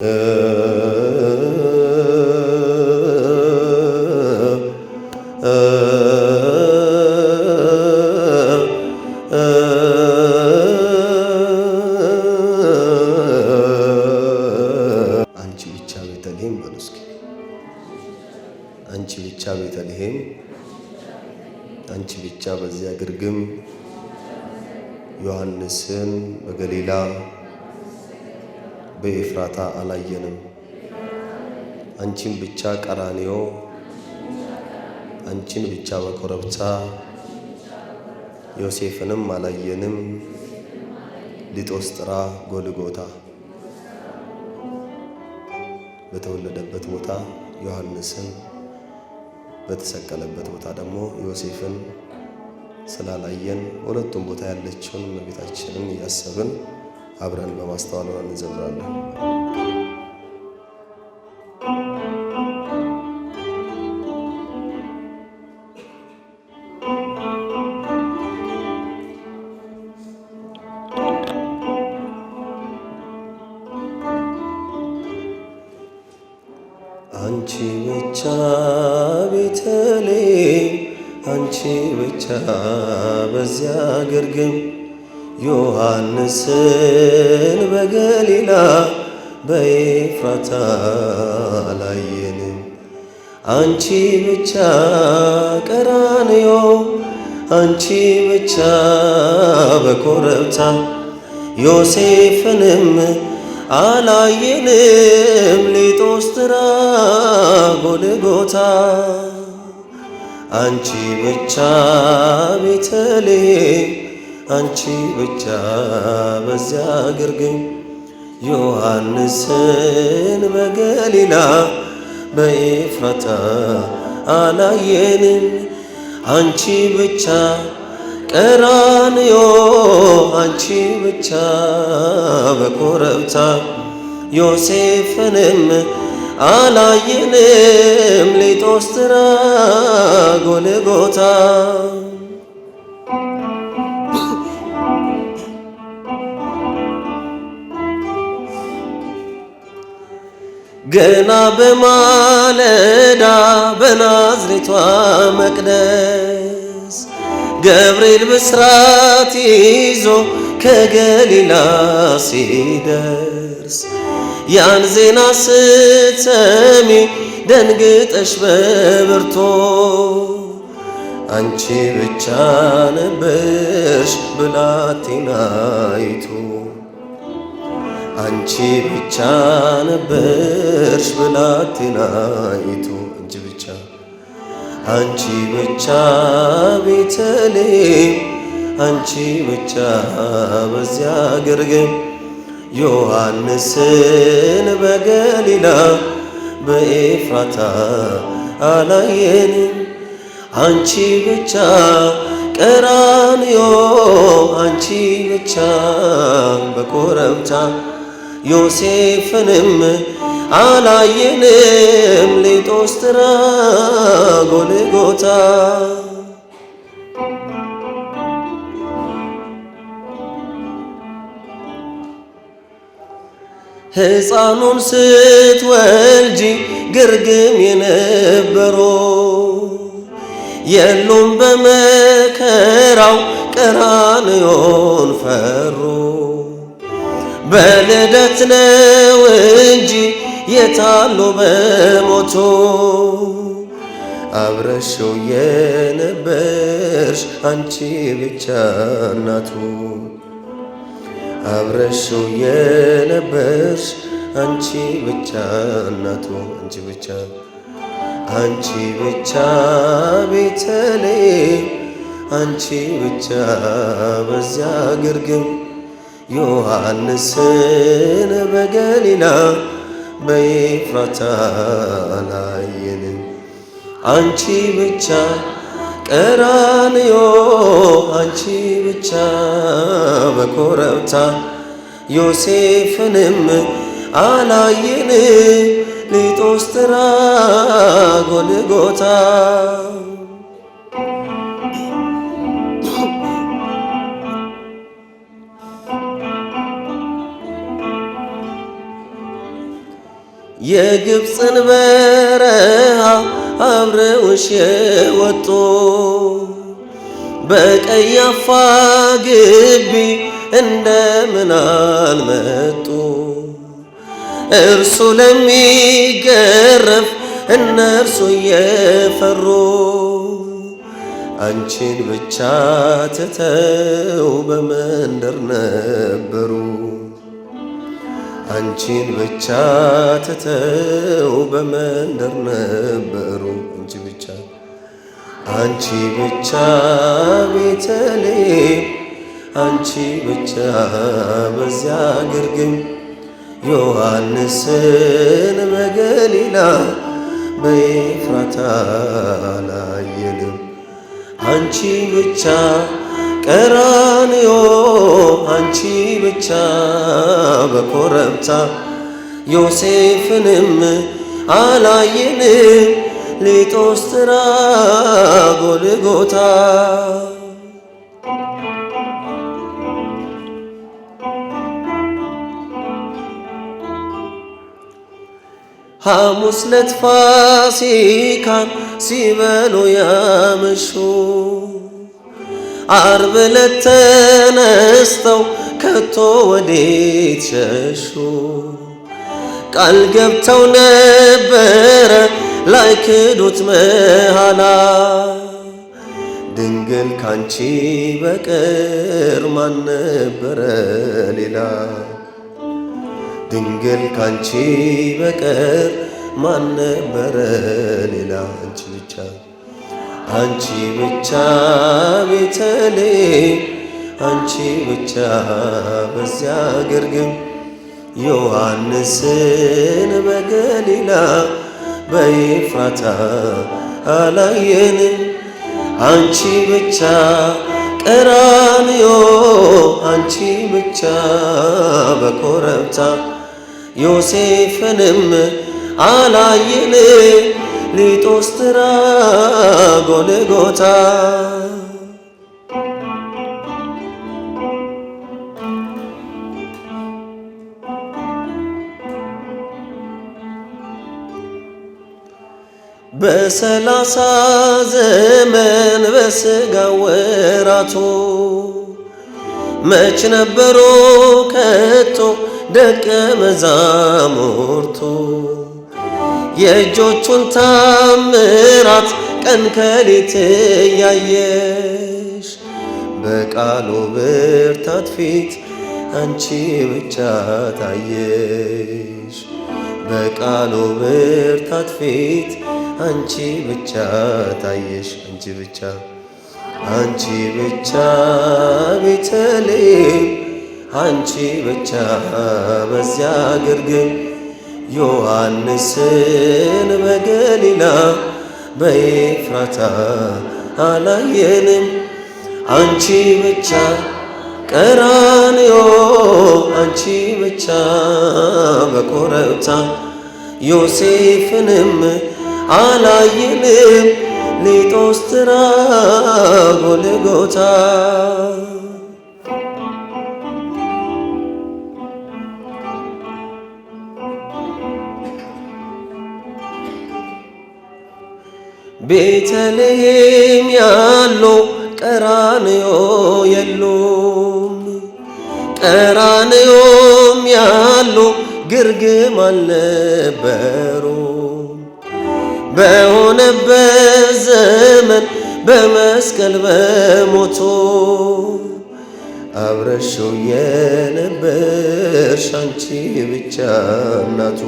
አንቺ ብቻ ቤተልሔም በሉ እስኪ። አንቺ ብቻ ቤተልሔም፣ አንቺ ብቻ በዚያ ግርግም ዮሐንስን በገሊላ በኤፍራታ አላየንም። አንቺን ብቻ ቀራንዮ፣ አንቺን ብቻ በኮረብታ ዮሴፍንም አላየንም። ሊጦስጥራ ጎልጎታ በተወለደበት ቦታ ዮሐንስን በተሰቀለበት ቦታ ደግሞ ዮሴፍን ስላላየን በሁለቱም ቦታ ያለችውን እመቤታችንን እያሰብን አብረን በማስተዋል ሆነን እንዘምራለን። አንቺ ብቻ ቤተልሔም አንቺ ብቻ በዚያ ግርግም ዮሐንስን በገሊላ በኤፍራታ አላየንም። አንቺ ብቻ ቀራንዮ፣ አንቺ ብቻ በኮረብታ ዮሴፍንም አላየንም። ሊጦስትራ ጎልጎታ አንቺ ብቻ ቤተልሔም አንቺ ብቻ በዚያ ግርግኝ ዮሐንስን በገሊላ በኤፍራታ አላየንም። አንቺ ብቻ ቀራንዮ አንቺ ብቻ በኮረብታ ዮሴፍንም አላየንም። ሊጦስትራ ጎልጎታ ገና በማለዳ በናዝሬቷ መቅደስ ገብርኤል ብስራት ይዞ ከገሊላ ሲደርስ ያን ዜና ስትሰሚ ደንግጠሽ በብርቶ አንቺ ብቻ ነበርሽ ብላቴናይቱ አንቺ ብቻ ነበርሽ ብላቴናይቱ አንቺ ብቻ አንቺ ብቻ ቤተልሔም አንቺ ብቻ በዚያ ገርገ ዮሐንስን በገሊላ በኤፍራታ አላየን አንቺ ብቻ ቀራንዮ አንቺ ብቻ በኮረብታ ዮሴፍንም አላየንም ሊጦስትራ ጎልጎታ ሕፃኑን ስትወልጂ ግርግም የነበሮ የሉም በመከራው ቀራንዮን ፈሩ። በልደት ነው እንጂ የታሉ በሞቱ አብረሽው የነበርሽ አንቺ ብቻ እናቱ አብረሽው የነበርሽ አንቺ ብቻ እናቱ አንቺ ብቻ አንቺ ብቻ ቤተልሔም አንቺ ብቻ በዚያ ግርግም ዮሐንስን በገሊላ በኤፍራታ ላየን። አንቺ ብቻ ቀራንዮ አንቺ ብቻ በኮረብታ ዮሴፍንም አላየን ሊጦስትራ ጎልጎታ የግብፅን በረሃ አብረውሽ የወጡ በቀያፋ ግቢ እንደምን አልመጡ? እርሱ ለሚገረፍ እነርሱ እየፈሩ አንቺን ብቻ ትተው በመንደር ነበሩ። አንቺን ብቻ ትተው በመንደር ነበሩ አንቺ ብቻ አንቺ ብቻ ቤተልሔም አንቺ ብቻ በዚያ ግርግም ዮሐንስን በገሊላ በኤፍራታ ላየንም አንቺ ብቻ ቀራንዮ አንቺ ብቻ በኮረብታ ዮሴፍንም አላየን ሊጦስትራ ጎልጎታ ሐሙስ ዕለት ፋሲካን ሲበሉ ያመሹ ዓርብ ዕለት ተነስተው ከቶ ወዴት ሸሹ? ቃል ገብተው ነበረ ላይ ክዱት መሃላ ድንግል ካንቺ በቀር ማን ነበረ ሌላ? ድንግል ካንቺ በቀር ማን ነበረ ሌላ? አንቺ ብቻ አንቺ ብቻ ቤተልሔም አንቺ ብቻ በዚያ ግን ዮሐንስን በገሊላ በኤፍራታ አላየንም። አንቺ ብቻ ቀራንዮ አንቺ ብቻ በኮረብታ ዮሴፍንም አላየን ሊጦስትራ ጎልጎታ በሰላሳ ዘመን በስጋ ወራቱ መች ነበሮ ከቶ ደቀ መዛሙርቱ የእጆቹን ታምራት ቀን ከሌት ያየሽ በቃሉ ብርታት ፊት አንቺ ብቻ ታየሽ በቃሉ ብርታት ፊት አንቺ ብቻ ታየሽ አንቺ ብቻ አንቺ ብቻ ቤተልሔም አንቺ ብቻ በዚያ ግርግም ዮሐንስን በገሊላ በኤፍራታ አላየንም አንቺ ብቻ ቀራንዮ አንቺ ብቻ በኮረብታ ዮሴፍንም አላይንም ሊጦስትራ ጎልጎታ ቤተልሔም ያሉ ቀራንዮ የሉም ቀራንዮም ያሉ ግርግም አልነበሩ በሆነበት ዘመን በመስቀል በሞቶ አብረሽው የነበርሽ አንቺ ብቻ እናቱ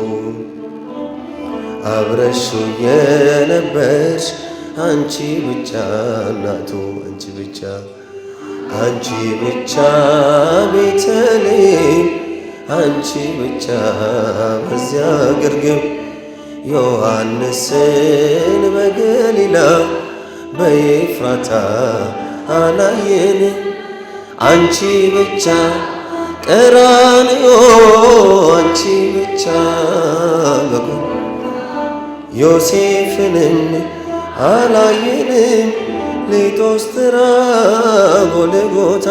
አብረሽው የነበርሽ አንቺ ብቻ እናቱ አንቺ ብቻ አንቺ ብቻ ቤተልሔም አንቺ ብቻ በዚያ ግርግም ዮሐንስን በገሊላ በኤፍራታ አላየን። አንቺ ብቻ ቀራንዮ አንቺ ብቻ በጎ ዮሴፍንም አላየንም ሊጦስትራ ጎልጎታ